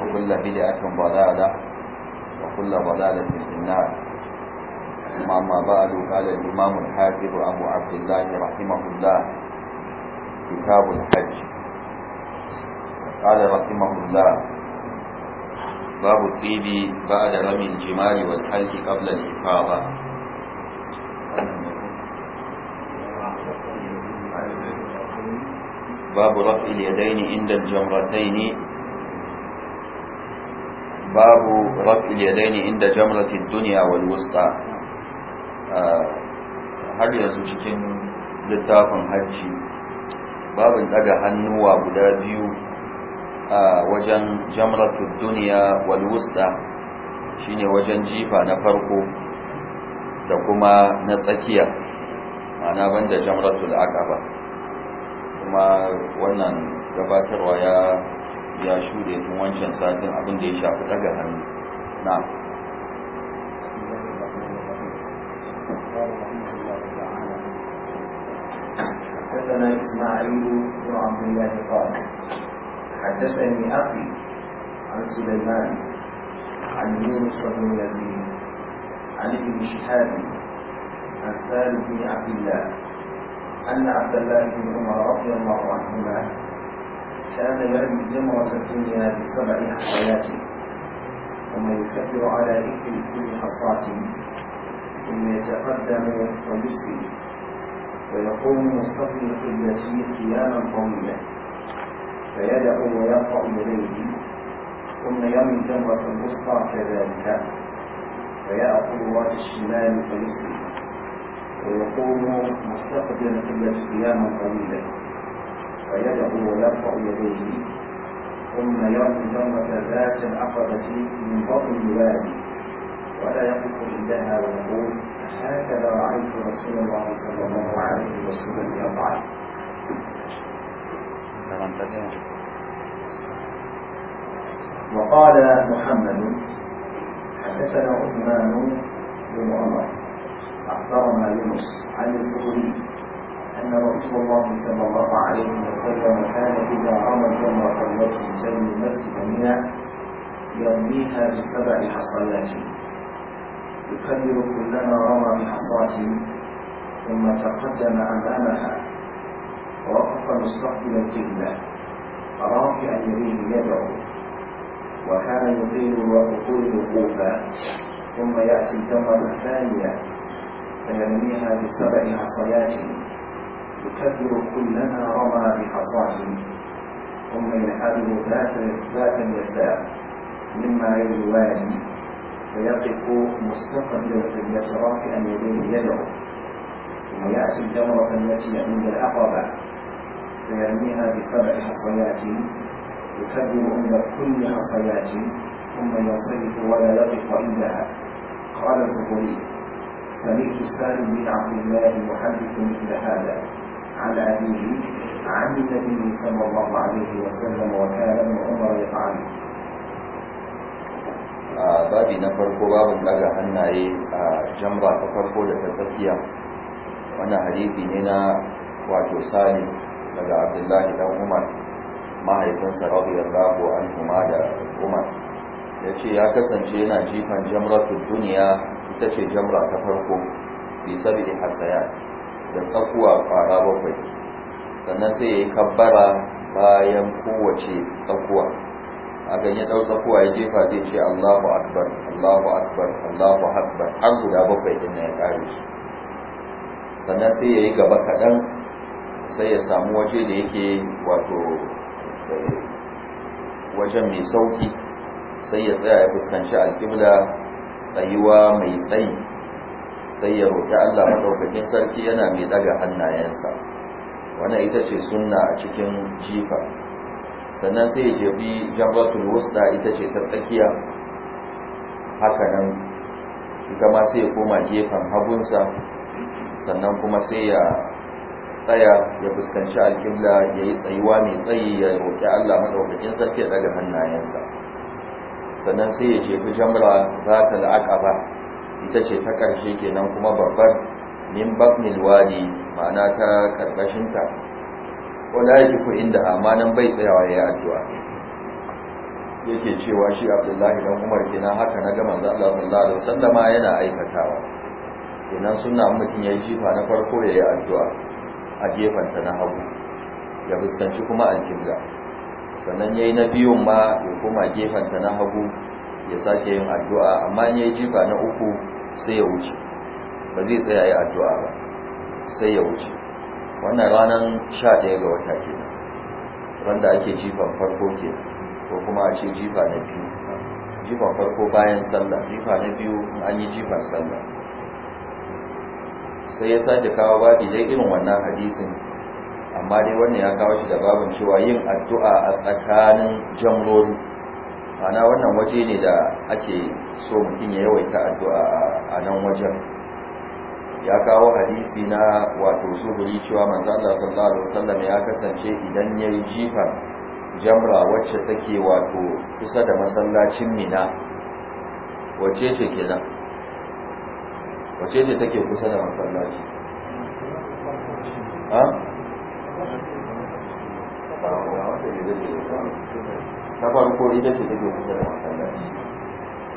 وكل بدعة ضلالة وكل ضلالة في النار أما بعد قال الإمام الحافظ أبو عبد الله رحمه الله كتاب الحج قال رحمه الله باب الطيب بعد رمي الجمال والحلق قبل الإفاضة باب رفع اليدين عند الجمرتين babu raf'il yadaini inda jamratin dunya wal wusta har yanzu cikin littafin hajji babin daga hannuwa guda biyu a wajen jamratul duniya wal wusta shine wajen jifa na farko da kuma na tsakiya ana banda jamratul ba, kuma wannan gabatarwa ya ya shuɗe tun wancan satin abin da ya shafi daga hannu na حدثنا إسماعيل بن عبد الله قال حدثني أخي عن سليمان عن يونس بن يزيد عن ابن شهاب عن سالم بن عبد الله أن عبد الله بن عمر رضي الله عنهما كان يرمي جمرة الدنيا بسبع حصيات ثم يكبر على ذكر كل حصاة ثم يتقدم ويسري ويقوم مستقبل قبلته قياما طويلا فيدعو ويرفع يديه ثم يرمي الجمرة الوسطى كذلك فيأخذ رأس الشمال فيسري ويقوم مستقبل قبلته قياما طويلا فيدعو ويرفع يديه ثم يرمي جمرة ذات العقبة من بطن الوادي ولا يقف عندها ويقول هكذا رأيت رسول الله صلى الله عليه وسلم يفعل وقال محمد حدثنا عثمان بن عمر أخبرنا يونس عن الزهري أن رسول الله صلى الله عليه وسلم كان إذا رمى جمرة الوجه المسجد منى يرميها بسبع حصيات يكبر كلما رمى بحصاة ثم تقدم أمامها ووقف مستقبل الجبلة رافعا يريد يدعو وكان يطيل ويقول وقوفا ثم يأتي الدمرة الثانية فيرميها بسبع حصيات تكبر كلما رمى بحصاة ثم ينحدر ذات ذات اليسار مما يلواني فيقف مستقبلا في القبلة كان يديه يدعو ثم يأتي الجمرة التي عند العقبة فيرميها بسبع حصيات يكبر عند كل حصيات ثم ينصرف ولا يقف عندها قال الزهري سمعت سالم بن عبد الله محدث مثل هذا عن أبيه عن النبي صلى الله عليه وسلم وكان ابن عمر يفعله a babi na farko babu daga hannaye a jamra ta farko da ta tsakiya wannan hadithi ne na wato salim daga abdullahi dan umar mahaifinsa radiyallahu anhuma da umar ya ce ya kasance yana jifan jamratu duniya ita ce jamra ta farko bi sabi hasaya da tsakuwa fara bakwai sannan sai ya yi kabbara bayan kowace tsakuwa hakan ya ɗau tsakuwa ya jefa zai ce allahu akbar allahu akbar allahu akbar har guda bakwai ɗin ya ƙare su sannan sai ya yi gaba kaɗan sai ya samu waje da yake wato eh, wajen mai sauki sai ya tsaya ya fuskanci alƙibla tsayuwa mai tsayi sai ya roƙi Allah maɗaukakin sarki yana mai ɗaga hannayensa wannan ita ce sunna a cikin jifa sannan sai ya bi jambatul wusta ita ce ta tsakiya haka nan ita ma sai ya koma gefen hagunsa sannan kuma sai ya tsaya ya fuskanci alƙibla ya yi tsayuwa mai tsayi ya roƙi Allah maɗaukakin sarki ya daga hannayensa sannan sai ya jefi jamra za ta ba. ita ce ta ƙarshe kenan kuma babbar min babnil wadi ma'ana ta karkashin ta wala yajiku inda amanan bai tsayawa yayi addu'a yake cewa shi Abdullahi dan Umar kenan haka na ga manzo Allah sallallahu alaihi wasallama yana aikatawa kenan sunna mutum yayi jifa na farko yayi addu'a a ta na hagu ya fuskanci kuma alkibla sannan yayi na biyu ma ya koma ta na hagu ya sake yin addu'a amma yayi jifa na uku sai ya wuce ba zai tsaya ya addu'a ba sai ya wuce wannan ranar sha ɗaya ga wata ke wanda ake jifan farko ke ko kuma a ce jifa na biyu jifan farko bayan sallah jifa na biyu an yi jifan sallah sai ya sake kawo babi dai irin wannan hadisin amma dai wannan ya kawo shi da babin cewa yin addu'a a tsakanin jamloli ma'ana wannan waje ne da ake so mutum ya yawaita addu'a a nan wajen ya kawo hadisi na wato zuhuri cewa manzo Allah sallallahu alaihi wasallam ya kasance idan yayi jifa jamra wacce take wato kusa da masallacin Mina wacce ce kenan wacce ce take kusa da masallaci ha ta farko ita ce take kusa da masallaci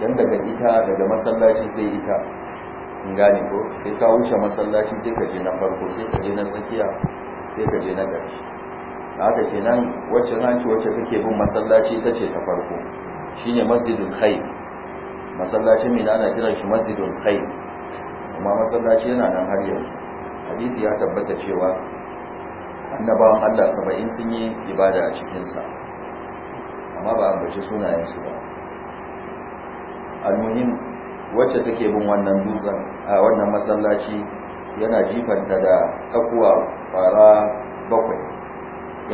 dan daga ita daga masallaci sai ita in gane ko sai ka wuce masallaci sai ka je na farko sai ka je na tsakiya sai ka je na ƙarshe haka kenan wacce ranci wacce take bin masallaci ita ce ta farko shine masjidul khair masallacin mina ana kiran shi masjidul khair kuma masallaci yana nan har yanzu hadisi ya tabbata cewa annabawan Allah saba'in sun yi ibada a cikinsa amma ba ambaci sunayensu ba almuhim wacce take bin wannan dutsen a wannan masallaci yana jifanta da tsakuwa fara bakwai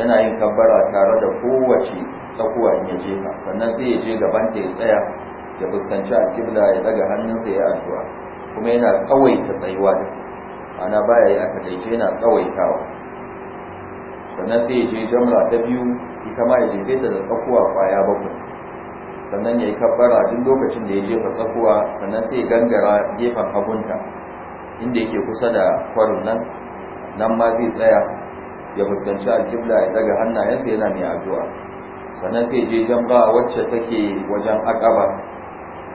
yana yin kabbara tare da kowace tsakuwa in ya jefa sannan sai ya je gaban ta ya tsaya ya fuskanci alƙibla ya daga hannunsa ya addu'a kuma yana ta tsayuwa da ana baya yi a kadaice yana tsawaitawa sannan sai ya je jamra ta biyu ita ma ya jefe ta da tsakuwa kwaya bakwai sannan ya yi kabbara duk lokacin da ya jefa tsakuwa sannan sai ya gangara gefen hagunta inda yake kusa da kwarin nan nan ma zai tsaya ya fuskanci alkibla ya daga hannayensa yana mai addu'a sannan sai je ba wacce take wajen akaba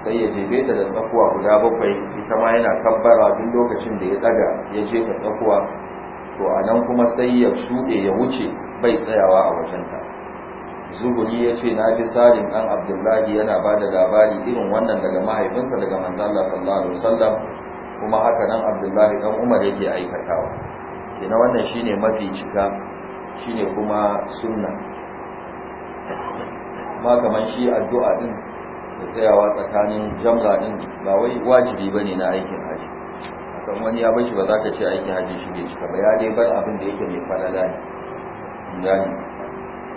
sai ya jefe ta da tsakuwa guda bakwai ita ma yana kabbara duk lokacin da ya daga ya jefa tsakuwa to a nan kuma sai ya shuɗe ya wuce bai tsayawa a wajenta zuhuri ya ce na fi sarin ɗan abdullahi yana ba da labari irin wannan daga mahaifinsa daga Mandala, sallallahu alaihi wasallam kuma haka nan abdullahi ɗan umar yake aikatawa ina wannan shine mafi cika shine kuma sunna ma kamar shi addu'a din da tsayawa tsakanin jamla din ba wai wajibi bane na aikin haji akan wani ya bar shi ba za ka ce aikin haji shi ne cika ba ya dai bar abin da yake mai falala ne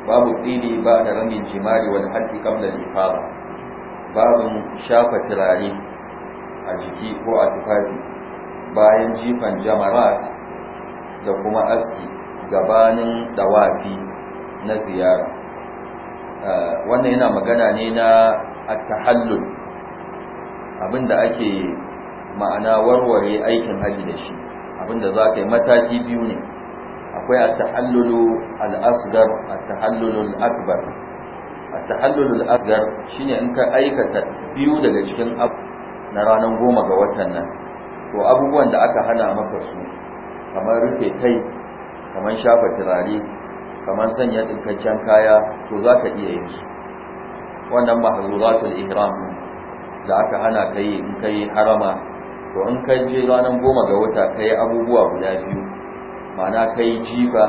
babu tsili ba da ramin jimari wani haddi kamda lifaba Babu shafa turare a jiki ko a tufafi bayan jifan jamarat da kuma aski gabanin dawafi na ziyara eh, wannan yana magana ne na attahallul abinda ake ma'ana warware aikin haji da shi abinda za ka yi mataki biyu ne akwai a tahallulu al'asgar a tahallulu akbar tahallulu shine in ka aikata biyu daga cikin abu na ranar goma ga watan nan to abubuwan da aka hana maka su kamar rufe kai kamar shafa turare kamar sanya dinkaccen kaya to za ka iya yin su wannan mahzuratul ihram da aka hana yi in yi harama to in ka je ranar goma ga wata kai abubuwa guda biyu ma'ana yi jifa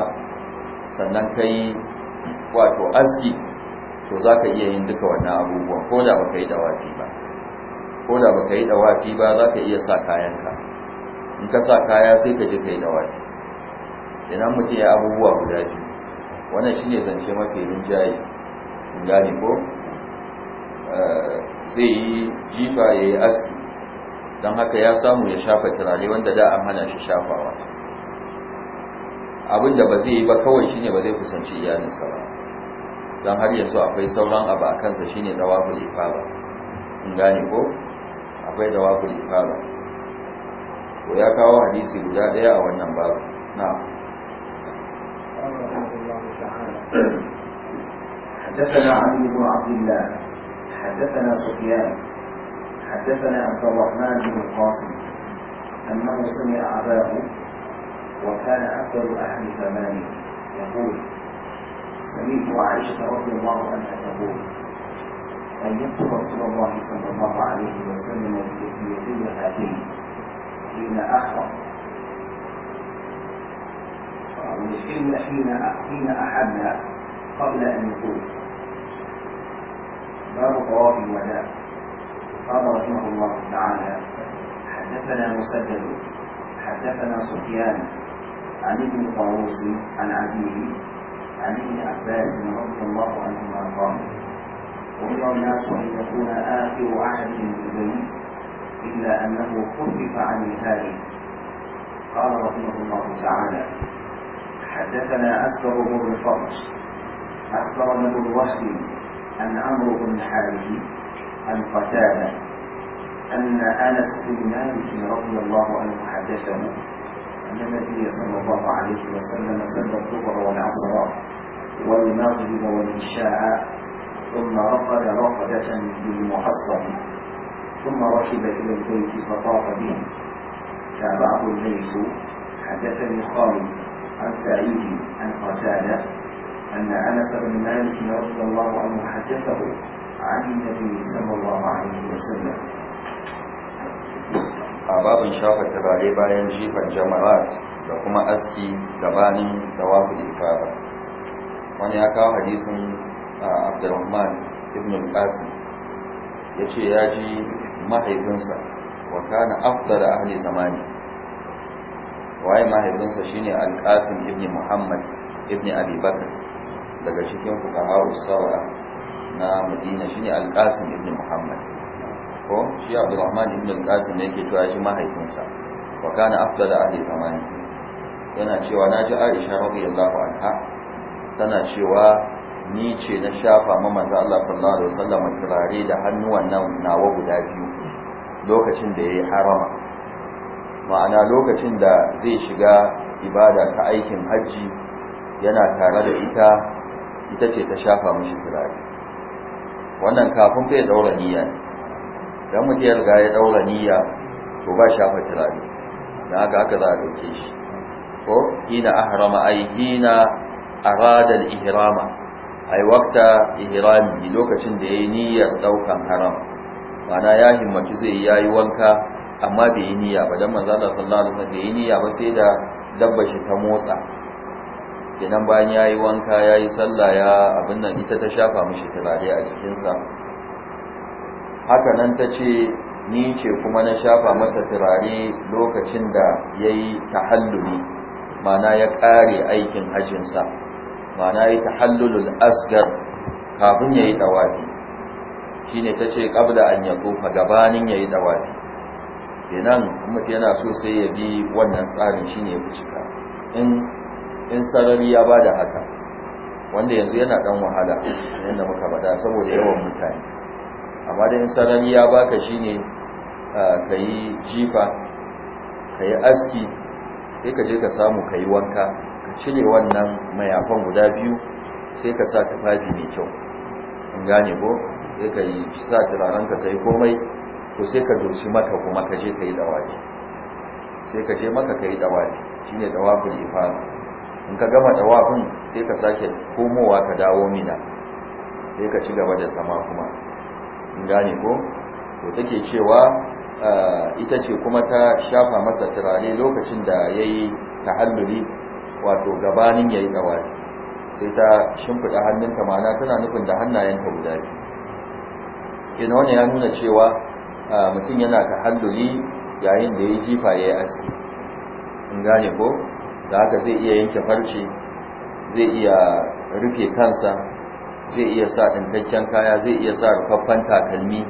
sannan ka yi wato aski to za ka iya yin duka wannan abubuwan ko da ba ka yi dawafi ba ko da ba ka yi dawafi ba za ka iya sa kayanka in ka sa kaya sai ka je ka yi dawafi idan mutum ya abubuwa guda biyu wannan shi ne zance mafi rinjaye in gane ko eh, zai yi jifa ya yi aski don haka ya samu ya shafa turare wanda da an hana shi shafawa abin da ba zai yi ba kawai shine ba zai kusanci iyalinsa ba don har yanzu akwai sauran abu a kansa shine dawaful ifada in gane ko akwai dawaful ifada ko ya kawo hadisi guda daya a wannan babu na حدثنا علي بن عبد الله حدثنا سفيان حدثنا عبد الرحمن بن القاسم انه سمع اباه وكان أفضل أهل زمانه يقول سمعت عائشة رضي الله عنها تقول يكتب رسول الله صلى الله عليه وسلم بيدي هاتين حين أحرم والحلم حين حين أحبنا قبل أن يقول باب طواف الوداع قال رحمه الله تعالى حدثنا مسدد حدثنا سفيان عن ابن طاووس عن أبيه عن ابن عباس رضي الله عنهما قال أمر الناس أن يكون آخر عهد بالبيت إلا أنه خفف عن الهاري قال رحمه الله تعالى حدثنا أسكر بن الفرج أسكر بن الوحد عن عمرو بن حارث عن قتادة أن أنس بن مالك رضي الله عنه حدثه أن النبي صلى الله عليه وسلم سلى الظهر والعصر والمغرب والعشاء ثم رقد رقدة بالمعصم ثم ركب إلى البيت فطاف به تابعه الليث حدثني خالد عن سعيد عن قتادة أن أنس بن مالك رضي الله عنه حدثه عن النبي صلى الله عليه وسلم a babin shafa turare bayan jifan jama'at da kuma aski da gabanin da ifada wani ya kawo hadisin abdurrahman ibn al-qasim ce ya ji mahaifinsa wa kana afdal ahli zamani waye mahaifinsa shine al-qasim ibn muhammad ibn abi bakr daga cikin fuqaha usaba na madina shine al-qasim ibn muhammad ko shi abdurrahman ibn al-qasim yake cewa shi mahaifinsa wa kana afdal ahli zamani yana cewa na ji aisha radiyallahu anha tana cewa ni ce na shafa ma manzo Allah sallallahu alaihi wasallam turare da hannuwan nan nawa guda biyu lokacin da yayi harama ma'ana lokacin da zai shiga ibada ta aikin hajji yana tare da ita ita ce ta shafa mishi turare wannan kafin bai daura niyya ne da mutum ya riga ya daura niyya to ba shafa turare dan haka haka za a dauke shi ko hina ahrama ai hina arada al-ihrama ai wakta ihrami lokacin da yayi niyyar daukan haram mana ya himmatu zai yayi wanka amma bai yi niyya ba dan manzo Allah sallallahu alaihi wasallam bai yi niyya ba sai da dabba shi ta motsa Idan bayan yayi wanka yayi sallah ya abin nan ita ta shafa mishi turare a jikinsa haka nan ta ce ni ce kuma na shafa masa turare lokacin da ya yi tahalluli mana ya ƙare aikin hajjinsa mana ya yi tahallulul asgar kafin ya yi ɗawafi shi ne ta ce ƙabla an ya tsofa gabanin ya yi ɗawafi kenan mutu yana so sai ya bi wannan tsarin shi ne ya cika in sarari ya ba da haka wanda yanzu yana ɗan wahala yadda muka bada saboda yawan mutane amma da in sanani ya baka shine ka yi jifa ka yi aski sai ka je ka samu ka yi wanka ka cire wannan mayafan guda biyu sai ka sa tufafi mai kyau in gane ko sai ka yi sa turarenka ka yi komai ko sai ka doshi maka kuma ka je ka yi dawaki sai ka je maka ka yi dawaki shi ne dawafin ifana in ka gama dawafin sai ka sake komowa ka dawo mina sai ka ci gaba da sama kuma gane ko to take cewa eh, ita ce kuma ta shafa masa turare lokacin da yayi tahalluli wato gabanin yayi dawali sai ta shimfida hannunta mana tana nufin da hannayenta guda biyu kenan wannan ya nuna cewa eh, mutum yana tahalluli yayin da yayi jifa yayi aski in gane ko da haka zai iya yanke farce zai iya rufe kansa zai iya sa ɗinkakken kaya zai iya sa rufaffen takalmi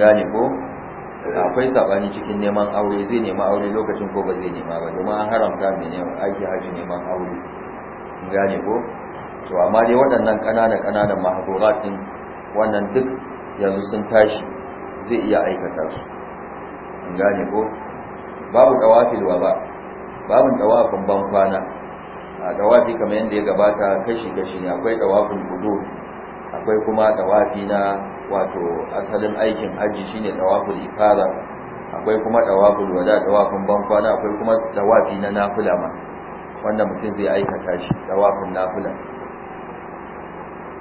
gane ko akwai saɓani cikin neman aure zai nema aure lokacin ko ba zai nema ba domin an haramta mai neman aiki haji neman aure gane ko to amma dai waɗannan ƙananan ƙananan mahadurat ɗin wannan duk yanzu sun tashi zai iya aikata su gane ko babu ɗawafilwa ba babu ɗawafin ban kwana a dawafi kamar yadda ya gabata kashi-kashi ne akwai dawafin gudu akwai kuma dawafi na wato asalin aikin hajji shine dawafin ifada akwai kuma dawafin wada dawafin bankwana akwai kuma dawafi na nafila ma wanda mutum zai aikata shi dawafin nafila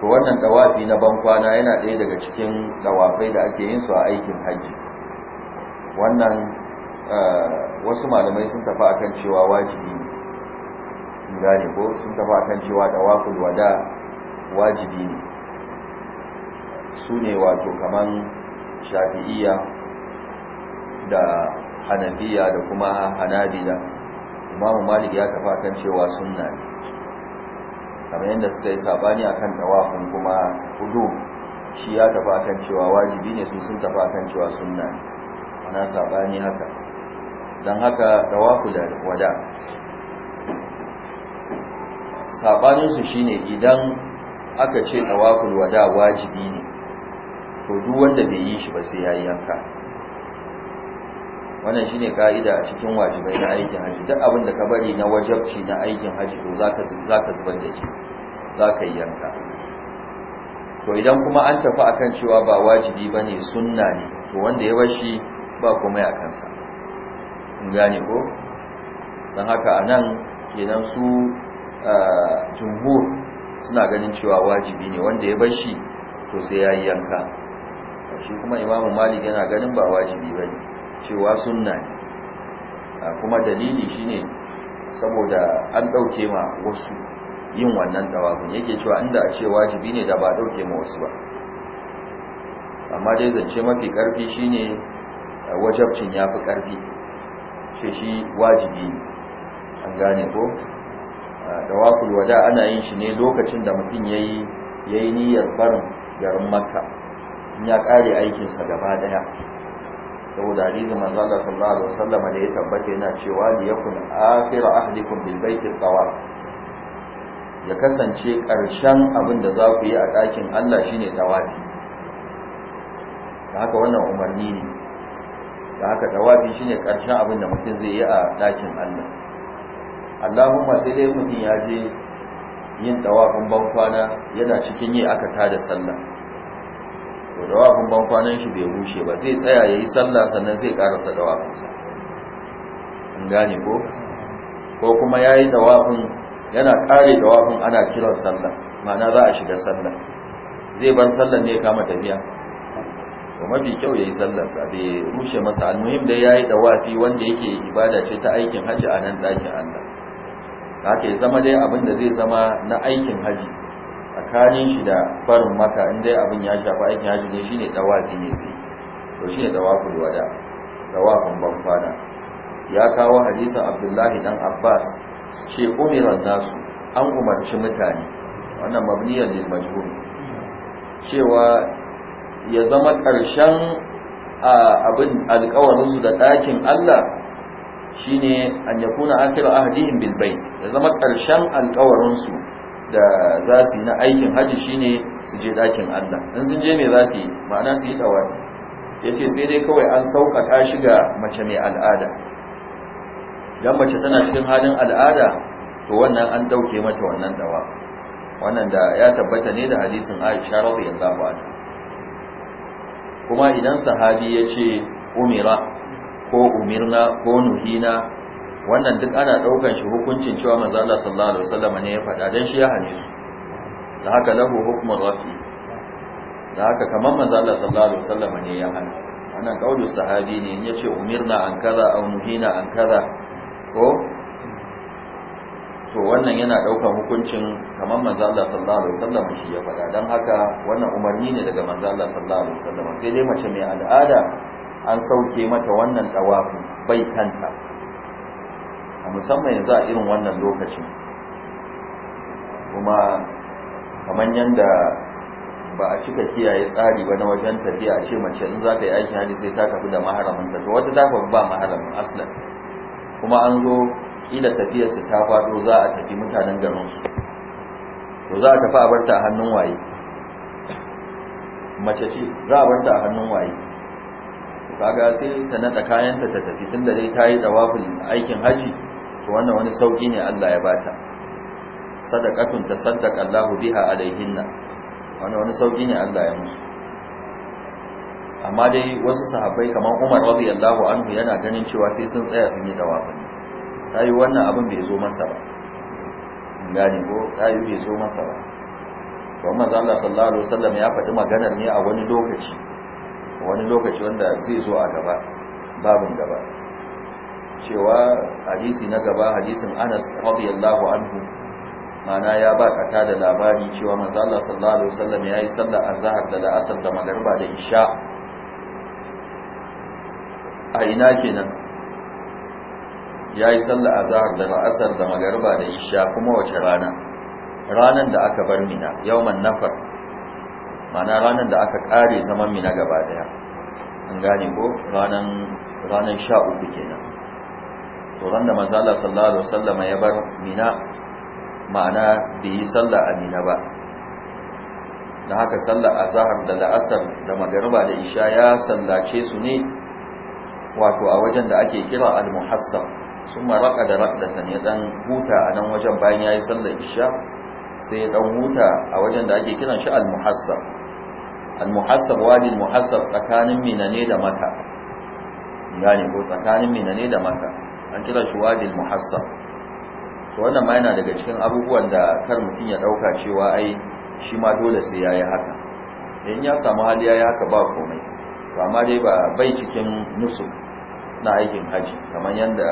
to wannan dawafi na bankwana yana ɗaya daga cikin dawafai da ake yin su a aikin hajji wannan eh, wasu malamai sun tafi akan cewa wajibi gane ko sun tafi akan cewa tawaful wada wajibi ne su ne wato kaman shafi'iyya da hanabiya da kuma hanabila imamu malik ya tafi akan cewa sunna ne kamar yadda suka yi sabani akan tawafin kuma hudu shi ya tafi akan cewa wajibi ne su sun tafi akan cewa sunna ne ana sabani haka don haka da wada saɓaninsu shine idan aka ce ɗawaful wada wajibi ne to duk wanda bai yi shi ba sai ya yi yanka wannan shine ka'ida a cikin wajibai na aikin haji duk abin da ka bari na wajabci na aikin haji to zaka zaka zubar da shi zaka yi yanka to idan kuma an tafi akan cewa ba wajibi bane sunna ne to wanda ya bashi ba komai a kansa in gane ko dan haka anan kenan su jumhur suna ganin cewa wajibi ne wanda ya bar shi to sai ya yi yanka shi kuma imamu malik yana ganin ba wajibi ba ne cewa sunna ne kuma dalili shi ne saboda an ɗauke ma wasu yin wannan tawafin yake cewa inda a ce wajibi ne da ba ɗauke ma wasu ba amma dai zance mafi ƙarfi ne wajabcin ya fi ƙarfi shi shi wajibi an gane ko Da wakul wada ana yin shi ne lokacin da mutum ya yi niyyar barin garin makka in ya kare aikin sa gaba daya saboda hadisin manzo Allah sallallahu alaihi wasallam da ya tabbata yana cewa li yakun akhir ahdikum bil bait tawaf ya kasance karshen abin da za ku yi a ɗakin Allah shine tawafi da haka wannan umarni ne da haka tawafi shine karshen abin da mutum zai yi a ɗakin Allah allahumma sai dai mutum ya je yin tawafin bankwana yana cikin yi aka tada sallah to tawafin bankwanan shi bai rushe ba zai tsaya yayi sallah sannan zai karasa sa in gane ko ko kuma yayi tawafin yana kare tawafin ana kiran sallah ma'ana za a shiga sallah zai bar sallah ne kama tafiya to mafi kyau yayi sallar sa bai rushe masa almuhim da yayi tawafi wanda yake ibada ce ta aikin hajji a nan dakin Allah haka ya zama dai abin da zai zama na aikin haji tsakanin shi da barin maka in dai abin ya shafi aikin haji ne shine dawafi ne sai to shine dawaful wada ban fada ya kawo hadisin Abdullahi dan Abbas ce umiran nasu an umarci mutane wannan mabniyan lil majhul cewa ya zama ƙarshen abin alƙawarin su da ɗakin Allah shine an yakuna akhiru ahdihim bil bait ya zama karshen alƙawarin su da za su na aikin haji shine su je dakin Allah in sun je me za su ma'ana su yi dawani yace sai dai kawai an sauƙaƙa shi ga mace mai al'ada dan mace tana cikin halin al'ada to wannan an dauke mata wannan dawa wannan da ya tabbata ne da hadisin Aisha radiyallahu anha kuma idan sahabi yace umira ko umirna ko nuhina wannan duk ana daukan shi hukuncin cewa manzo Allah sallallahu alaihi wasallam ne ya faɗa dan shi ya hane su da haka lahu hukmun rafi da haka kamar manzo Allah sallallahu alaihi wasallam ne ya hana wannan kaulu sahabi ne in yace umirna an kaza aw nuhina an kaza ko to wannan yana daukan hukuncin kamar manzo Allah sallallahu alaihi wasallam shi ya faɗa dan haka wannan umarni ne daga manzo Allah sallallahu alaihi wasallam sai dai mace mai al'ada an sauke mata wannan tawafi bai kanta a musamman yanzu a irin wannan lokacin kuma kamar yadda ba a cika kiyaye tsari ba na wajen tafiya a ce mace in za ta yi aikin hali sai ta tafi da maharamin ta to wata dafa ba maharamin aslan kuma an zo kila tafiyarsu ta faɗo za a tafi mutanen su to za a tafi a barta a hannun waye mace ce za a barta a hannun waye kaga sai ta nada kayanta ta tafi tunda dai ta yi dawafin aikin haji to wannan wani sauki ne Allah ya bata sadaqatun tasaddaq Allah biha alaihinna wannan wani sauki ne Allah ya musu amma dai wasu sahabbai kamar Umar radiyallahu anhu yana ganin cewa sai sun tsaya sun yi dawafin tayi wannan abin bai zo masa ba gani ko tayi bai zo masa ba to Allah sallallahu alaihi wasallam ya faɗi maganar ne a wani lokaci wani lokaci wanda zai zo a gaba babin gaba cewa hadisi na gaba hadisin anas radiyallahu anhu mana ya ba kata da labari cewa manzo Allah sallallahu alaihi wasallam yayi sallar azhar da la'asar da magriba da isha a ina kenan yayi sallar azhar da la'asar da magriba da isha kuma wace rana ranan da aka bar mina yawman nafar mana ranar da aka kare zaman mi na gaba daya an gane ko ranar sha uku kenan to ran da mazala sallallahu alaihi wasallam ya bar mina ma'ana bai yi sallah a mina ba da haka sallah Zahar da la'asar da magariba da isha ya sallace su ne wato a wajen da ake kira al-muhassab da raqada da ne dan huta a nan wajen bayan ya yi sallar isha sai ya dan huta a wajen da ake kiran shi al-muhassab al-muhassab wadi al-muhassab tsakanin minane da maka gane ko tsakanin minane da maka an kira shi wadi al to wannan ma yana daga cikin abubuwan da kar mutum ya dauka cewa ai shi ma dole sai yayi haka in ya samu hali yayi haka ba komai to amma dai ba bai cikin nusu na aikin haji kamar yadda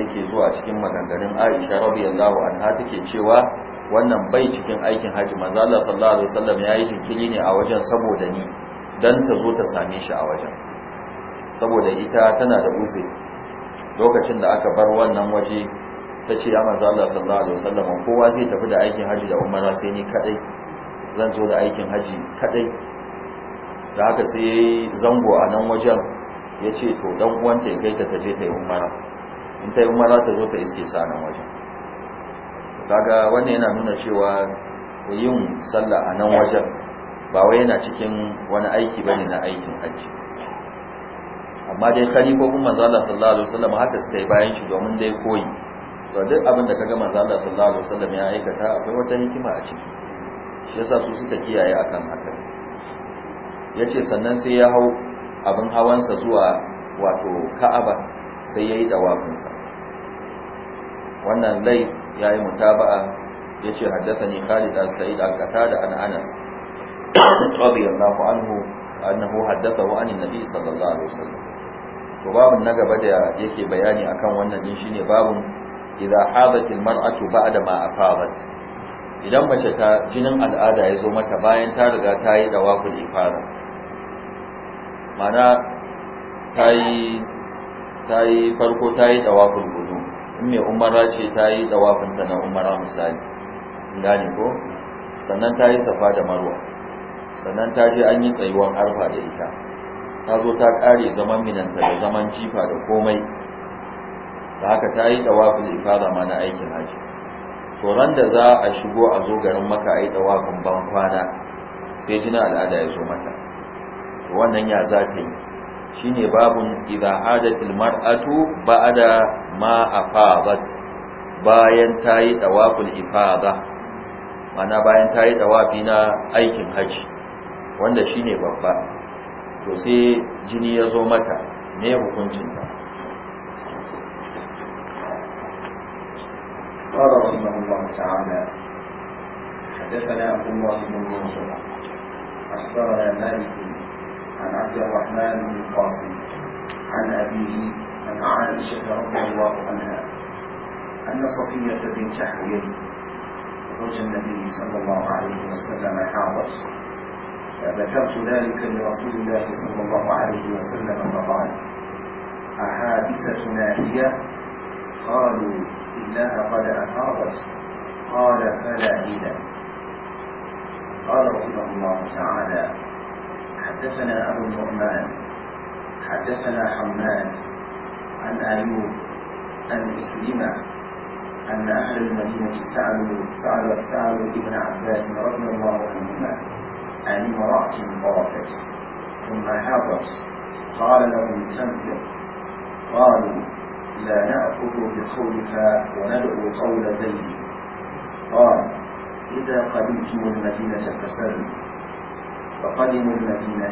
yake zuwa cikin maganganun Aisha radiyallahu anha take cewa wannan bai cikin aikin haji manzo Allah sallallahu alaihi wasallam yayi jinkiri ne a wajen saboda ni dan ta zo ta same shi a wajen saboda ita tana da uzuri lokacin da aka bar wannan waje ta ce ya manzo Allah sallallahu alaihi wasallam kowa zai tafi da aikin haji da umara sai ni kadai zan zo da aikin haji kadai da haka sai zango a nan wajen yace to dan uwanta ya kai ta taje ta yi umara in ta yi umara ta zo ta iske sa nan wajen kaga wannan yana nuna cewa yin sallah a nan wajen ba wai yana cikin wani aiki bane na aikin hajji amma dai khalifofin manzo Allah sallallahu alaihi wasallam haka suka yi bayan shi domin dai koyi to duk abin da kaga manzo Allah sallallahu alaihi wasallam ya aikata akwai wata hikima a ciki shi yasa su suka kiyaye akan haka yace sannan sai ya hau abin hawansa zuwa wato Ka'aba sai yayi sa. wannan lai ya yi mutaba'a ya ce haddathani Khalid al-Sa'id al-Qatada an Anas radiyallahu anhu annahu haddathahu an an-nabi sallallahu alaihi wasallam to babun na gaba da yake bayani akan wannan din shine babun idza hadat al-mar'atu ba'da ma afadat idan mace ta jinin al'ada ya zo mata bayan ta riga ta yi dawakul ifada mana ta yi farko ta yi dawakul in mai umara ce ta yi tsawafinta na umara misali gani ko sannan ta yi safa da marwa sannan ta je an yi tsayuwar arfa da ita ta zo ta ƙare zaman minanta da zaman jifa da komai da haka ta yi tsawafin ifada ma na aikin haji to ran da za a shigo a zo garin maka a yi tsawafin ban kwana sai jina al'ada ya zo mata wannan ya za ta yi shine babun idza hadatil mar'atu ba'da ma afadat bayan tayi tawaful ifada mana bayan tayi tawafi na aikin haji wanda shine babba to sai jini ya zo mata me hukuncin ta قال رحمه الله حدثنا عبد الله بن منصور اخبرنا مالك عن عبد الرحمن بن القاسم عن أبيه عن عائشة رضي الله عنها أن صفية بنت حيي زوج النبي صلى الله عليه وسلم حاضت فذكرت ذلك لرسول الله صلى الله عليه وسلم فقال أحادثتنا هي قالوا إنها قد أحاضت قال فلا إله قال رحمه الله تعالى حدثنا أبو النعمان حدثنا حماد عن أيوب عن إكرمة أن أهل المدينة سألوا سألوا سألوا ابن عباس رضي الله عنهما عن امرأة ضربت ثم حاضت قال لهم تنفق قالوا لا نأخذ بقولك وندعو قول زيد قال إذا قدمتم المدينة فسلوا فقدموا المدينة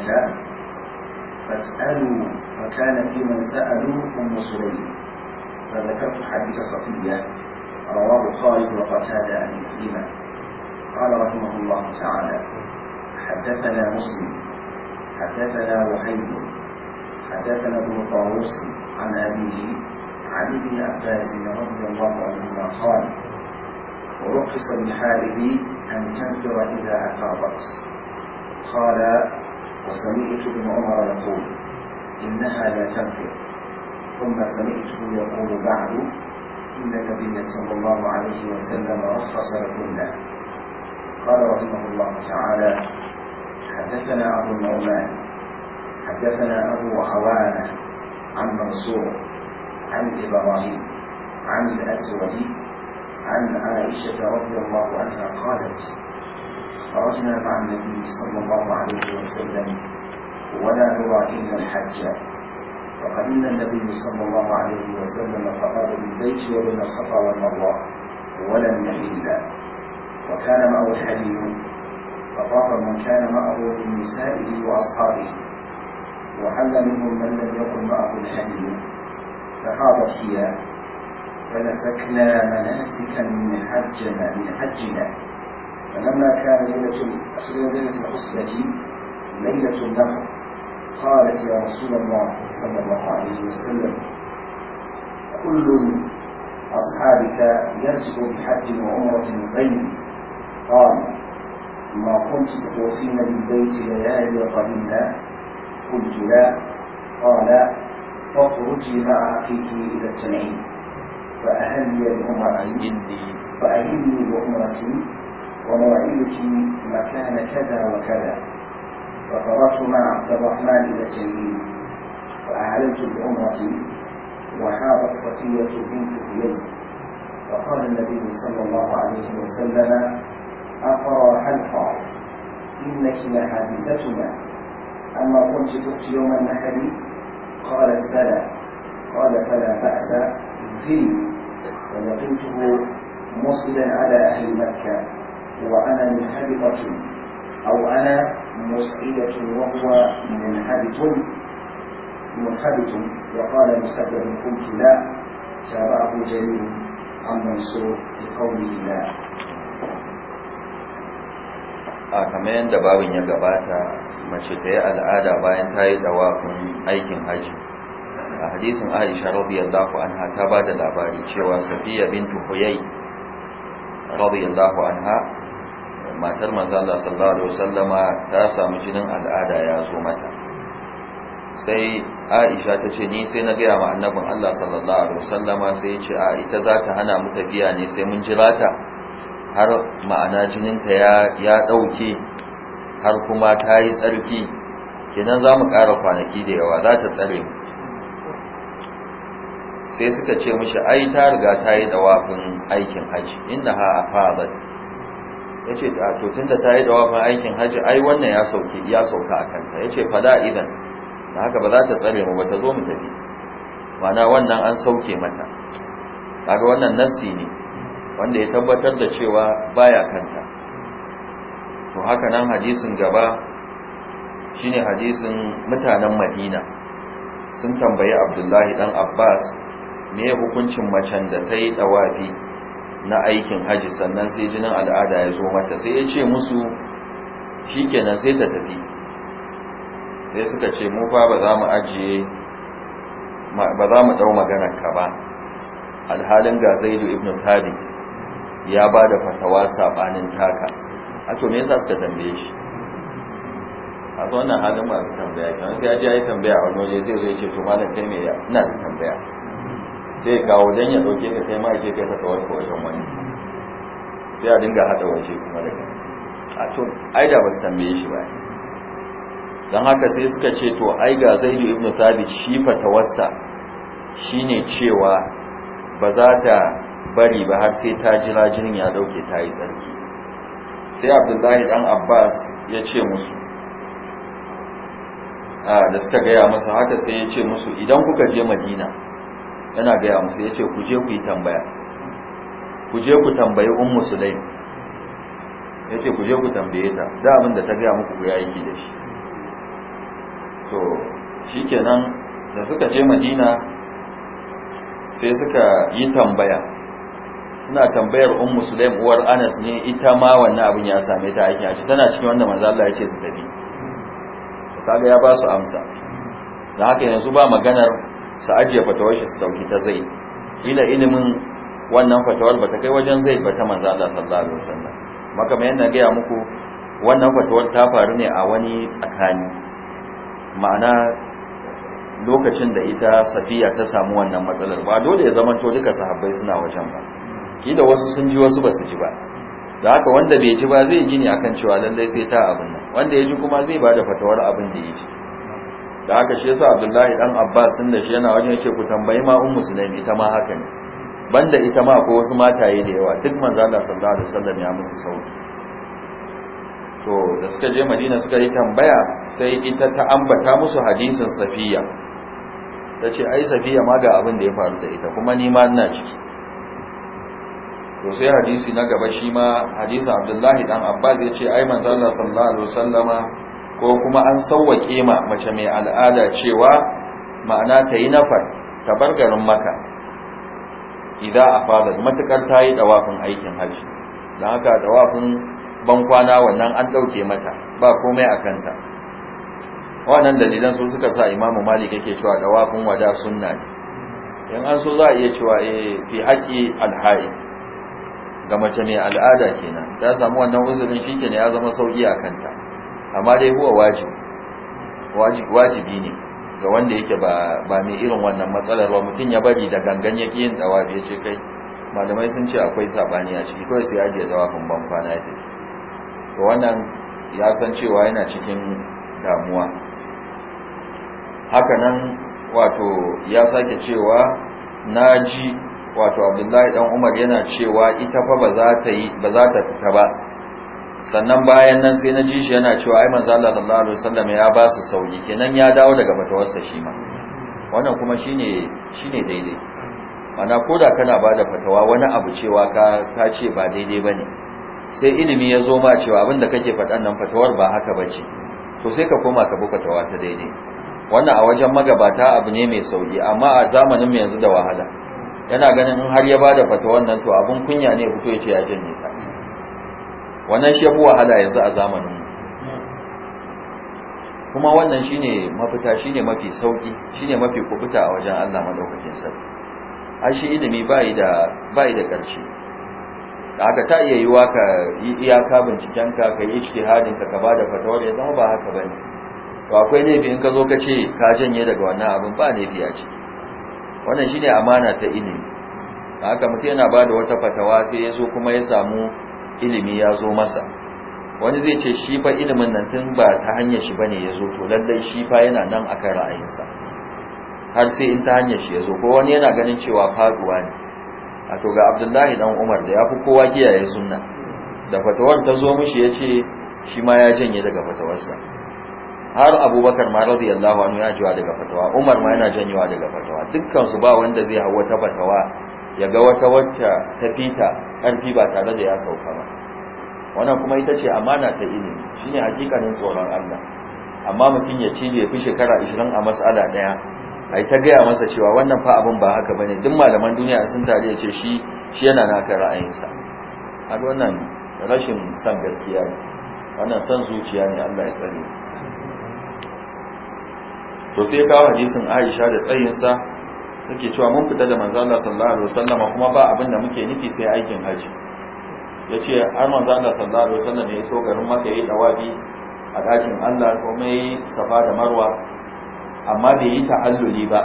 فاسألوا فكان في من سألوا أم سليم فذكرت حديث صفية رواه خالد وقتادة عن عكرمة قال رحمه الله تعالى حدثنا مسلم حدثنا وحيد حدثنا ابن طاووس عن أبيه عن ابن عباس رضي الله عنهما قال ورخص لحاله أن تنفر إذا أفاضت قال وسمعت ابن عمر يقول إنها لا تنفر ثم سمعته يقول بعد إن النبي صلى الله عليه وسلم رخص لكنا قال رحمه الله تعالى حدثنا أبو النعمان حدثنا أبو حوانة عن منصور عن إبراهيم عن الأسود عن عائشة رضي الله عنها قالت خرجنا مع النبي صلى الله عليه وسلم ولا نرى إلا الحج فقدمنا النبي صلى الله عليه وسلم فقال بالبيت وبين الصفا والمروة ولم يحل وكان معه الحلي فطاف من كان معه من نسائه وأصحابه وحل منهم من لم يكن معه الحلي فخاض فيها فنسكنا مناسكا من حجنا من حجنا فلما كان ليلة ليلة الحسنة ليلة النحر قالت يا رسول الله صلى الله عليه وسلم كل أصحابك يرزق بحج وعمرة غيري قال ما كنت تطوفين بالبيت ليالي قدمنا قلت لا قال فاخرجي مع اخيك الى التنعيم فاهلي بعمرة فاهلي بعمرة ومواعيدك مكان كذا وكذا فخرجت مع عبد الرحمن إلى التنين وأعلنت بأمرتي وحاضت صفية بنت حيي فقال النبي صلى الله عليه وسلم أقرى حلقا إنك لحادثتنا أما كنت تؤتي يوم النحر قالت بلى قال فلا بأس في ولقيته مصلا على أهل مكة وأنا منحبطة أو أنا مسئلة وهو منحبط منحبط وقال مسدد قلت لا تابعه جليل عن منصور بقوله لا a kamar yadda babin ya gabata mace ta yi al'ada bayan ta yi dawafin aikin haji a hadisin aisha radiyallahu anha ta ba da labari cewa safiya bintu huyai radiyallahu anha matar manzo Allah sallallahu alaihi wasallama ta samu jinin al'ada ya zo mata sai Aisha ta ce ni sai na gaya ma annabin Allah sallallahu alaihi wasallama sai ya ce a ita za ta hana mu tafiya ne sai mun jira ta har ma'ana jininta ya ya dauke har kuma ta yi tsarki kenan za mu ƙara kwanaki da yawa za ta tsare mu sai suka ce mishi ai ta riga ta yi dawafin aikin hajji, inna ha afadat ya ce a tutun da ta yi ɗawafin aikin hajji ai wannan ya sauke ya sauka a kanta ya ce fada idan da haka ba za ta tsare mu ba ta zo mu tafi mana wannan an sauke mata kaga wannan nassi ne wanda ya tabbatar da cewa baya kanta to haka nan hadisin gaba shine hadisin mutanen madina sun tambayi abdullahi dan abbas me hukuncin macen da ta yi dawafi na aikin haji sannan sai jinin al'ada ya zo mata sai ya ce musu shi kenan sai ta tafi sai suka ce mu fa ba za mu ajiye ba za mu ɗau maganarka ba alhalin ga zaidu ibn thabit ya ba da fatawa saɓanin taka a to me yasa suka tambaye shi a wannan halin masu tambaya kan sai ya ji ya yi tambaya a wani waje zai zo ya ce to malam kai me ya ina da tambaya sai kawo don ya dauke ka kai ma ke kai ka kawar ko wajen wani sai a dinga hada waje kuma daga a to ai da ba su tambaye shi ba don haka sai suka ce to ai ga zaidu ibnu thabit shi tawassa shine cewa ba za ta bari ba har sai ta jira jinin ya dauke ta yi tsarki sai abdullahi dan abbas ya ce musu da suka gaya masa haka sai ya ce musu idan kuka je madina yana gaya musu ya ce ku je ku yi tambaya ku je ku tambayi un musulai ya ce ku je ku tambaye ta da abin da ta gaya muku ku yi aiki da shi to shi kenan da suka je madina sai suka yi tambaya suna tambayar un musulai uwar anas ne ita ma wannan abin ya same ta aiki a ashe tana cikin wanda manzo Allah ya ce su tafi kaga ya ba su amsa da haka yanzu ba maganar su ajiye fatawar shi su dauki ta zai kila ilimin wannan fatawar ba ta kai wajen zai ba ta manzo Allah sallallahu alaihi wasallam maka mai yana gaya muku wannan fatawar ta faru ne a wani tsakani ma'ana lokacin da ita safiya ta samu wannan matsalar ba dole ya zamanto duka sahabbai suna wajen ba kila wasu sun ji wasu basu ji ba da haka wanda bai ji ba zai gini akan cewa lallai sai ta abin nan wanda ya ji kuma zai bada fatawar abin da ya ji da haka shi yasa abdullahi dan abbas sun da shi yana wajen yake ku tambayi ma ummu sulaim ita ma haka ne banda ita ma ko wasu mataye da yawa duk manzo Allah sallallahu alaihi wasallam ya musu sauki to da suka je madina suka yi tambaya sai ita ta ambata musu hadisin safiya ta ce ai safiya ma ga abin da ya faru da ita kuma ni ma ina ciki to sai hadisi na gaba shi ma hadisin abdullahi dan abbas ya ce ai manzo Allah sallallahu alaihi wasallama ko kuma an sauwa ma mace mai al'ada cewa ma'ana ta yi nafar ta bar garin maka Ida a fadar matukar ta yi dawafin aikin hajji don haka dawafin bankwana wannan an ɗauke mata ba komai a kanta wannan dalilan su suka sa imamu malik yake cewa dawafin wada sunna ne in an so za a iya cewa eh, fi haƙƙi alha'i ga mace mai al'ada kenan ta samu wannan uzurin shi ya zama sauƙi a kanta amma dai huwa wajibi wajibi ne ga wanda yake ba ba mai irin wannan matsalar ba mutum ya bari da gangan yake yin dawafi ya ce kai malamai sun ce akwai sabani a ciki kawai sai ajiye dawafin ban kwana ya to wannan ya san cewa yana cikin damuwa haka nan wato ya sake cewa na ji wato abdullahi dan umar yana cewa ita fa ba za ta yi ba za ta fita ba sannan bayan nan sai na ji shi yana cewa ai manzo Allah sallallahu alaihi wasallam ya ba su sauki kenan ya dawo daga matawarsa shi ma wannan kuma shine shine daidai mana koda kana bada fatawa wani abu cewa ka ka ce ba daidai bane sai ilimi ya zo ma cewa abinda kake faɗan nan fatawar ba haka bace to sai ka koma ka bi fatawa ta daidai wannan a wajen magabata abu ne mai sauki amma a zamanin mu yanzu da wahala yana ganin in har ya bada fatawar nan to abun kunya ne fito ya ce ya janye ta wannan shi yafi wahala yanzu a zamanin kuma wannan shine mafita shine mafi sauki shine mafi kubuta a wajen Allah madaukakin sarki ashe ilimi bai da bai da karshe haka ta iya yiwa ka yi iyaka bincikenka ka yi ijtihadin ka ka bada fatawar ya zama ba haka bane to akwai laifi in ka zo ka ce ka janye daga wannan abin ba laifi a ciki wannan shine amana ta ilimi haka mutum yana bada wata fatawa sai ya zo kuma ya samu ilimi ya zo masa wani zai ce shi fa ilimin nan tun ba ta hanyar shi bane ya zo to lallai shi fa yana nan akan ra'ayinsa har sai in ta hanyar shi ya zo ko wani yana ganin cewa faduwa ne a to ga abdullahi dan umar da ya fi kowa kiyaye sunna da fatawar ta zo mishi ya ce shi ma ya janye daga fatawarsa har abubakar ma radiyallahu anhu ya jiwa daga fatawa umar ma yana janyewa daga fatawa dukkan su ba wanda zai hawa ta fatawa ya ga wata wacce ta fita ƙarfi ba tare da ya sauka ba wannan kuma ita ce amana ta ilimi shine hakikanin tsoron Allah amma mutum ya cije fi shekara 20 a mas'ala daya ai ta gaya masa cewa wannan fa abin ba haka bane duk malaman duniya sun tare ya ce shi shi yana naka ra'ayinsa a wannan rashin san gaskiya ne wannan san zuciya ne Allah ya tsare to sai kawo hadisin Aisha da tsayinsa yake cewa mun fita da manzo Allah sallallahu alaihi wasallam kuma ba abin da muke nufi sai aikin haji yace an manzo Allah sallallahu alaihi wasallam ya so garin Makka yayi dawabi a dakin Allah ko mai Safa da Marwa amma bai yi ta'alluli ba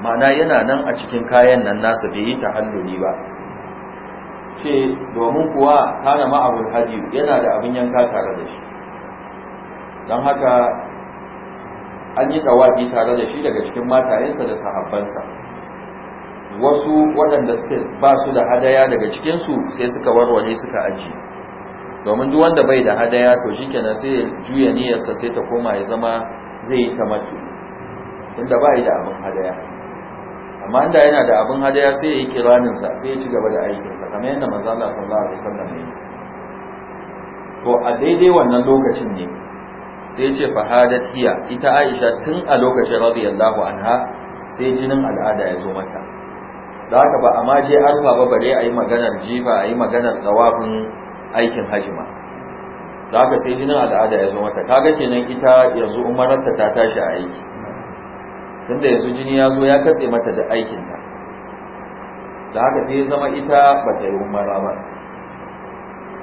ma'ana yana nan a cikin kayan nan nasa bai yi ta'alluli ba ce domin kuwa kana abul haji yana da abin yanka tare da shi don haka an yi dawaki tare da shi daga cikin matayensa da sahabbansa wasu waɗanda ba su da hadaya daga cikinsu sai suka warware suka aji domin duk wanda bai da hadaya to shi kenan sai ya juya niyyarsa sai ta koma ya zama zai yi ta matu inda ba da abin hadaya amma inda yana da abin hadaya sai ya yi kiraninsa sai ya ci gaba da aikinsa kamar yadda manzo Allah sallallahu alaihi wasallam yi to a daidai wannan lokacin ne sai ce fahadat hiya ita Aisha tun a lokacin radiyallahu anha sai jinin al'ada ya zo mata da haka ba a je arfa ba bare a yi maganar jifa a yi maganar tsawafin aikin hajima da haka sai jinin al'ada ya zo mata kaga kenan ita yanzu umararta ta tashi a aiki tunda yanzu jini ya zo ya katse mata da aikinta da haka sai zama ita ba ta yi umara ba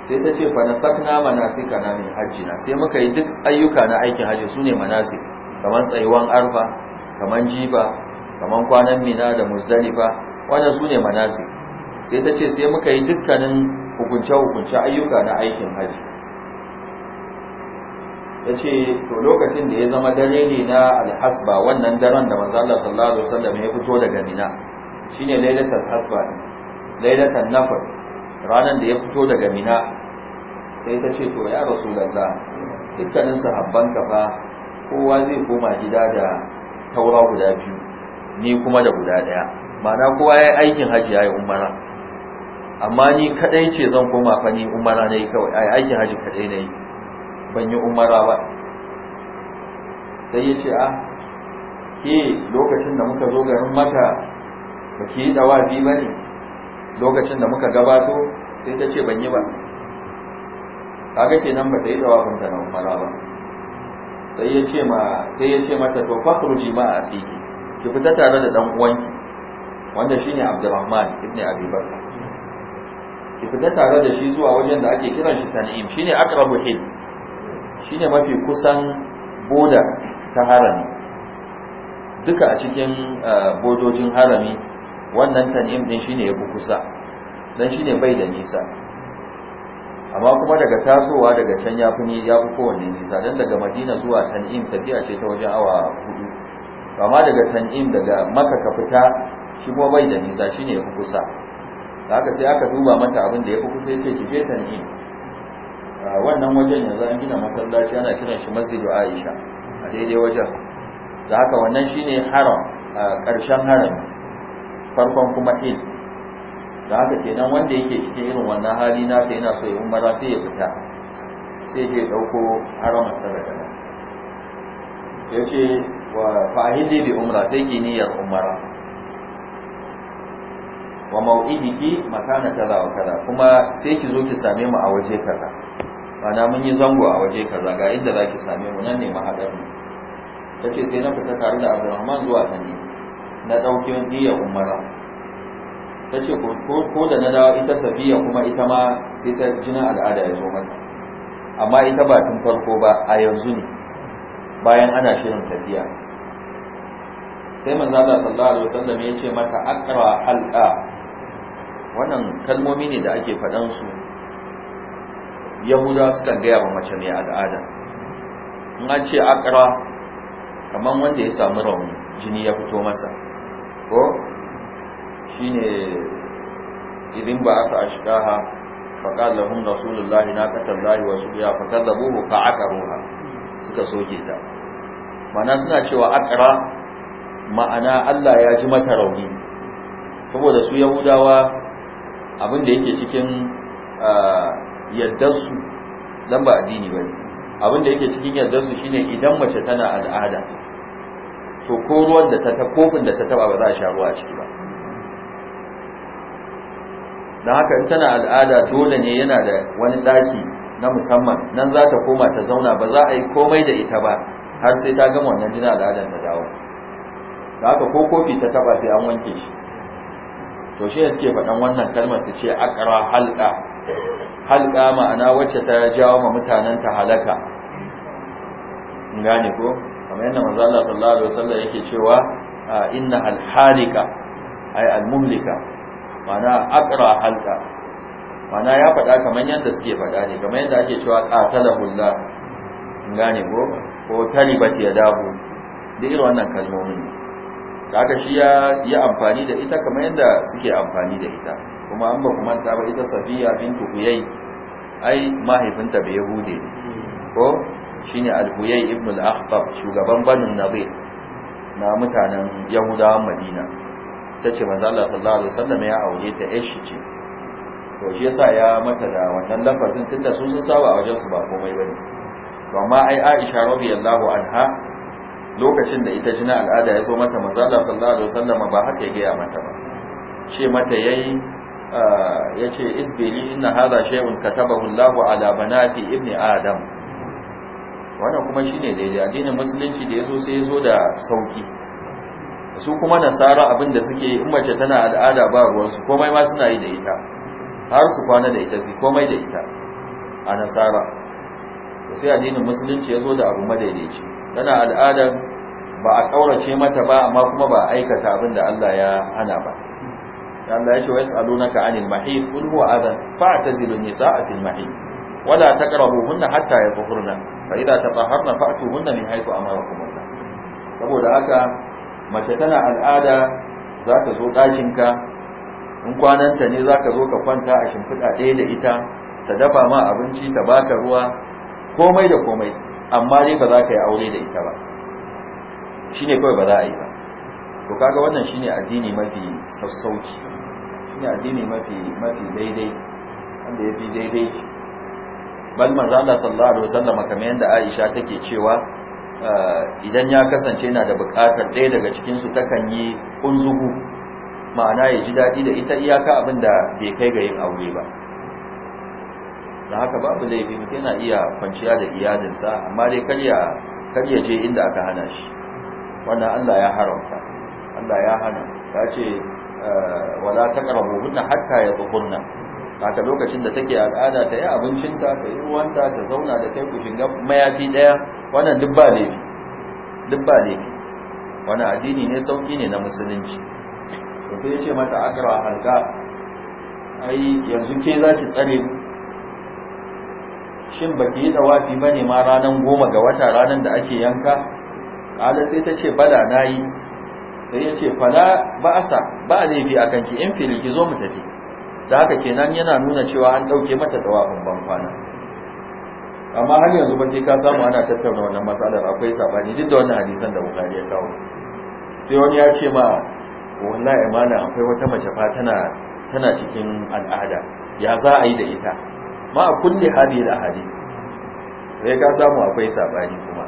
sai ta ce fa na sakna manasika na min hajjina sai muka yi duk ayyuka na aikin hajji su ne manasik kamar tsayuwan arfa kamar jiba kamar kwanan mina da muzdalifa wannan su ne manasi sai ta ce sai muka yi dukkanin hukunce-hukunce ayyuka na aikin haji ta ce to lokacin da ya zama dare ne na alhasba wannan daren da manzo Allah sallallahu sallam ya fito daga shi shine laidatar hasba lailatul nafar ranar da ya fito daga mina sai ta ce to ya rasu rasulullah dukkanin sahabban ka fa kowa zai koma gida da taura guda biyu ni kuma da guda daya ma'ana kowa ya yi aikin hajji ya yi umara amma ni kadai ce zan koma fa ni umara na yi kawai a aikin hajji kadai na yi ban yi umara ba sai ya ce a ah, ke lokacin da muka zo garin maka ba ke yi dawa biyu ba ne lokacin da muka gabato sai ta ce ban yi ba kaga nan ba ta yi dawa ban na umara ba sai ya ce mata to fakhruji ma a fiki ki fita tare da dan uwanki wanda shine Abdurrahman ibn Abi Bakr ki fita tare da shi zuwa wajen da ake kiran shi Tan'im shine aqrabu shi shine mafi kusan boda ta harami duka a cikin uh, bodojin harami wannan Tan'im din shine yafi kusa dan shine bai da nisa amma kuma daga tasowa daga can ya fi ya kowanne nisa dan daga Madina zuwa Tan'im tafiya ce ta wajen awa hudu amma daga Tan'im daga maka ka fita shi kuma bai da nisa shine ya fi kusa da haka sai aka duba mata abin da ya fi kusa yake ki je tan'in wannan wajen yanzu an gina masallaci ana kiran shi masjidu Aisha a daidai wajen da haka wannan shine haram karshen haram farkon kuma il da haka kenan wanda yake cikin irin wannan hali ta yana so ya umara sai ya fita sai ya dauko haramar sadaka yace wa fa bi umra sai ki niyyar umara wa mau'idiki makana kaza wa kaza kuma sai ki zo ki same mu a waje kaza Bana mun yi zango a waje kaza ga inda za ki same mu nan ne mahaɗar mu ta ce sai na fita tare da abdurrahman zuwa ta ne na ɗauki niyyar umara ta ce ko da na dawo ita safiya kuma ita ma sai ta jinin al'ada ya zo mata amma ita ba tun farko ba a yanzu ne bayan ana shirin tafiya sai manzo Allah sallallahu alaihi wasallam ya ce mata aqra halqa wannan kalmomi ne da ake faɗansu yahuda sukan gaya wa mace mai al'ada in an ce akra kamar wanda ya samu rauni jini ya fito masa ko shine idin ba aka ha? faƙar lahun rasulullahi na ƙatar lahi su ya faƙar da buhu ka akaruha suka soke ta mana suna cewa akra ma'ana allah ya ji mata rauni saboda su yahudawa abin da yake cikin yaddarsu don ba addini ba abin da yake cikin yaddarsu shine idan mace tana al'ada to ko da ta kofin da ta taba ba za a sha ruwa a ciki ba dan haka in tana al'ada dole ne yana da wani daki na musamman nan za ta koma ta zauna ba za a yi komai da ita ba har sai ta gama wannan jina al'adar ta dawo da haka ko kofi ta taba sai an wanke shi to shi ne suke faɗan wannan kalmar su ce akara halka halka ma'ana wacce ta jawo ma mutanen ta halaka gane ko kamar yadda manzo Allah sallallahu alaihi wasallam yake cewa inna al halika ay al mumlika ma'ana akara halka ma'ana ya faɗa kamar yadda suke faɗa ne kamar yadda ake cewa qatalahullah gane ko ko talibat yadahu da irin wannan kalmomin kaga shi ya yi amfani da ita kamar yadda suke amfani da ita kuma an ba kuma ta ba ita safiya bintu huyai ai mahaifinta bai yahude ne ko shine ne alhuyai ibn al-akhtab shugaban banin nabi na mutanen yahudawan madina tace manzo Allah sallallahu alaihi wasallam ya aure ta aishi ce to shi yasa ya mata da wannan lafazin tunda su sun saba a wajen su ba komai bane amma ai Aisha radiyallahu anha lokacin da ita jina al'ada ya zo mata mazala sallallahu alaihi Sallama, ba haka ya gaya mata ba ce mata yayi yace isbili inna hadha shay'un katabahu Allahu ala banati ibni adam wannan kuma shine daidai addinin musulunci da yazo sai yazo da sauki su kuma nasara abinda suke in mace tana al'ada ba ruwan su komai ma suna yi da ita har su kwana da ita su komai da ita a nasara sai addinin musulunci yazo da abu madaidaici tana al'ada ba a kaurace mata ba amma kuma ba a aikata abin da Allah ya hana ba Allah ya ce wa yas'alunaka 'anil mahid qul huwa adhan fa'tazilu nisaa fil mahid wa la taqrabuhunna hatta yatahurna fa idza tatahharna fa'tuhunna min haythu amarakum Allah saboda haka mace tana al'ada za ta zo ɗakinka in kwananta ne za ka zo ka kwanta a shimfiɗa ɗaya da ita ta dafa ma abinci ta baka ruwa komai da komai amma dai ba za ka yi aure da ita ba shi ne kawai ba za a yi ba to kaga wannan shine addini mafi sassauci shine addini mafi daidai wanda ya fi daidai bal manzo Allah sallallahu alaihi wasallam kamar yadda Aisha take cewa ah, idan ya kasance yana da bukatar ɗaya daga cikin su takan yi kunzugu ma'ana ya ji daɗi da ita iyaka abin da bai kai ga yin aure ba da haka babu laifi mutum yana iya kwanciya da iyalinsa amma dai kar ya je inda aka hana shi wannan Allah ya haramta Allah ya hana ta ce eh, wala ta karabu hunna hatta yadhurna haka lokacin da take al'ada ta yi abincinta ta yi ruwanta ta zauna da ta yi kushinga mayafi daya wannan duk ba laifi duk ba laifi wani addini ne sauki ne na musulunci to sai ya ce mata akara halka ai yanzu ke za ki tsare shin baki yi ba ne ma ranar goma ga wata ranar da ake yanka ƙada sai ta ce bala yi. sai ya ce a sa ba laifi a kanki, in fili ki zo mu tafi da haka kenan yana nuna cewa an ɗauke mata dawafin ban kwana amma har yanzu ba sai ka samu ana tattauna wannan matsalar akwai sabani duk da wannan hadisan da Bukhari ya kawo sai wani ya ce ma wallahi imana akwai wata mace fa tana cikin al'ada ya za a yi da ita ma kulli hali da hali sai ka samu akwai sabani kuma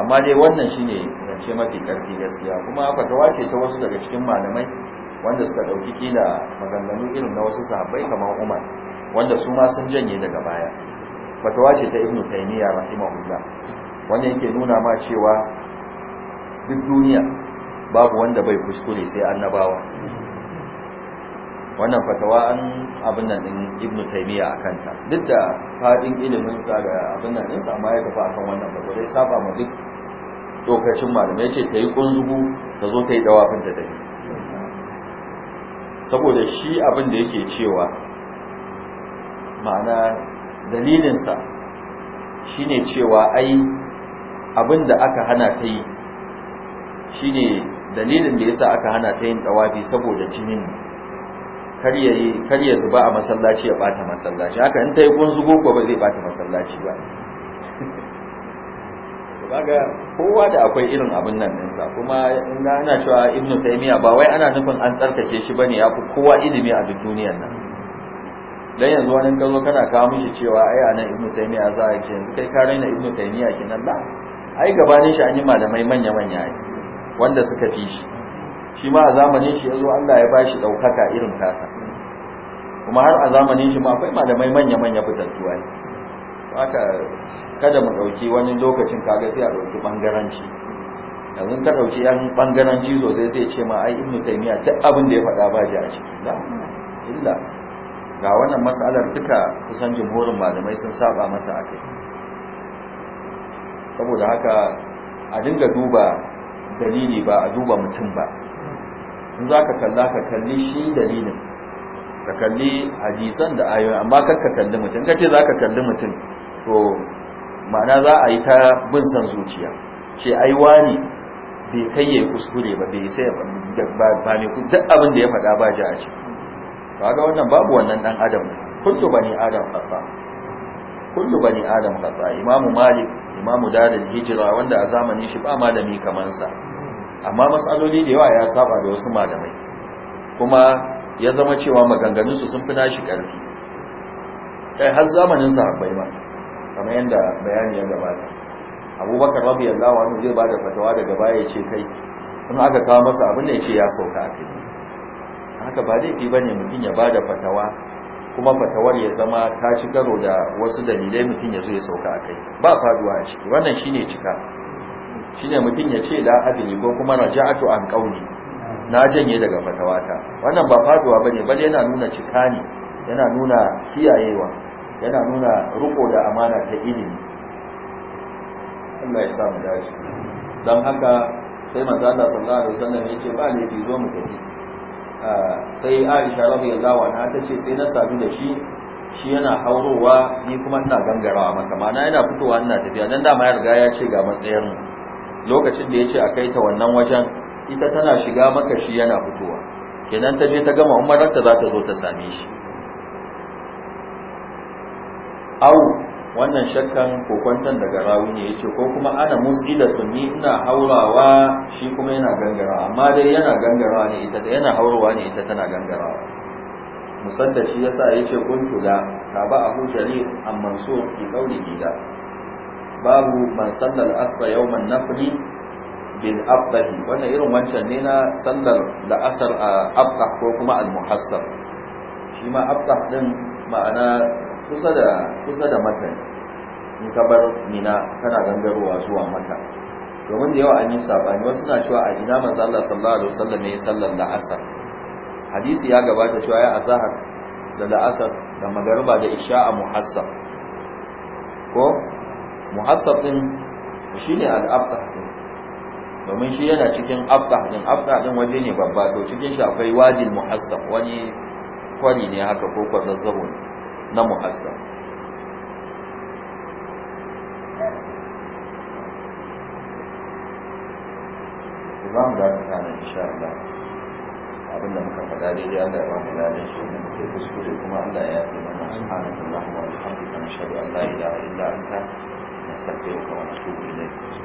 amma dai wannan shine zance mafi karfi gaskiya kuma fatawa ce ta wasu daga cikin malamai wanda suka dauki kila maganganu irin na wasu sahabbai kamar Umar wanda su ma sun janye daga baya fatawa ce ta Ibn Taymiyyah rahimahullah wanda yake nuna ma cewa duk duniya babu wanda bai kuskure sai annabawa wannan fatawa an abin nan din ibnu taymiya akan ta duk da fadin ilimin sa ga abin nan din sa amma ya tafi akan wannan fatawa dai saba ma duk dokacin malamai yace yi kunzugu ta zo ta yi dawafin da dai saboda shi abin da yake cewa ma'ana dalilin sa shine cewa ai abin da aka hana ta yi shine dalilin da yasa aka hana ta yin dawafi saboda jinin kar ya zuba a masallaci ya bata masallaci haka in ta yi kun zugo ko ba zai bata masallaci ba kaga kowa da akwai irin abin nan ɗinsa kuma ina ana cewa ibnu taymiya ba wai ana nufin an tsarkake shi bane ya fi kowa ilimi a duk duniyar nan dan yanzu wani ka zo kana kawo mishi cewa ai anan ibnu taymiya za a ce yanzu kai ka raina ibnu taymiya kinan ba ai gabanin shi an yi malamai manya manya wanda suka fi shi shi ma a zamanin shi ya zo Allah ya ba shi ɗaukaka irin tasa kuma har a zamanin shi ma akwai malamai manya-manya fitattuwa ne haka kada mu ɗauki wani lokacin kaga sai a ɗauki ɓangaranci yanzu ka ɗauki yan ɓangaranci sosai sai ce ma ai ibnu taymiya duk abin da ya faɗa ba ji a ciki illa ga wannan mas'alar duka kusan jumhurin malamai sun saba masa akai saboda haka a dinga duba dalili ba a duba mutum ba in za ka kalla ka kalli shi dalilin ka kalli hadisan da ayoyi amma kar ka kalli mutum ka ce za ka kalli mutum to ma'ana za a yi ta bin san zuciya ce ai wani bai kai ya kuskure ba bai sai ba ne duk abin da ya faɗa ba ji a ci kaga wannan babu wannan dan adam kullu bani adam khata kullu bani adam khata imamu malik imamu dadin hijira wanda a zamanin shi ba malami kamar sa amma matsaloli da yawa ya saba da wasu malamai kuma ya zama cewa maganganunsu sun fi nashi ƙarfi kai har zamanin sahabbai ma kamar yadda bayani ya gabata abubakar radiyallahu anhu zai bada fatawa daga baya ya ce kai in aka kawo masa abin da ya ce ya sauka a kai haka ba laifi ba ne mutum ya ba da fatawa kuma fatawar ya zama ta ci karo da wasu dalilai mutum ya zo ya sauka a kai ba faduwa a ciki wannan shine cika shine mutum ya ce la adri ko kuma raja'atu an qawli na janye daga fatawata wannan ba faduwa bane bane yana nuna cika ne yana nuna kiyayewa yana nuna ruko da amana ta ilimi Allah ya sa mu dace dan haka sai manzo Allah sallallahu alaihi wasallam ba ne bi zo mu tafi sai Aisha radiyallahu anha ta ce sai na sami da shi shi yana haurowa ni kuma ina gangarawa maka yana fitowa ina tafiya dan dama ya riga ya ce ga matsayin mu lokacin da ya ce a kai ta wannan wajen ita tana shiga maka shi yana fitowa kenan ta je ta gama umararta za ta zo ta same shi au wannan shakkan kokwanton daga rawi ne yace ko kuma ana da ni ina haurawa shi kuma yana gangarawa amma dai yana gangarawa ne ita da yana haurawa ne ita tana gangarawa musaddashi yasa yace kuntu da ba abu jarir an so ki kauli da babu man sallar asra na nafli bin abdahi wannan irin wancan ne na sallar da asar a abdah ko kuma al muhassar shi ma abdah din ma'ana kusa da kusa matan in ka bar mina kana gangarowa zuwa maka domin da yawa an yi sabani wasu na cewa a ina manzo Allah sallallahu alaihi wasallam ne sallar da asar hadisi ya gabata cewa ya azhar da la'asar da magariba da isha a muhassar, ko muhassab din shine al-abqa domin shi yana cikin abqa din abqa din waje ne babba to cikin shi akwai muhassab wani kwari ne haka ko kwazazzabo na muhassab za mu ta kanan insha Allah abin da muka faɗa daidai Allah ya ba mu shi ne muke kuskure kuma Allah ya yi mana subhanallahi wa bihamdihi nashhadu an la ilaha illa anta نستغفرك ونتوب إليك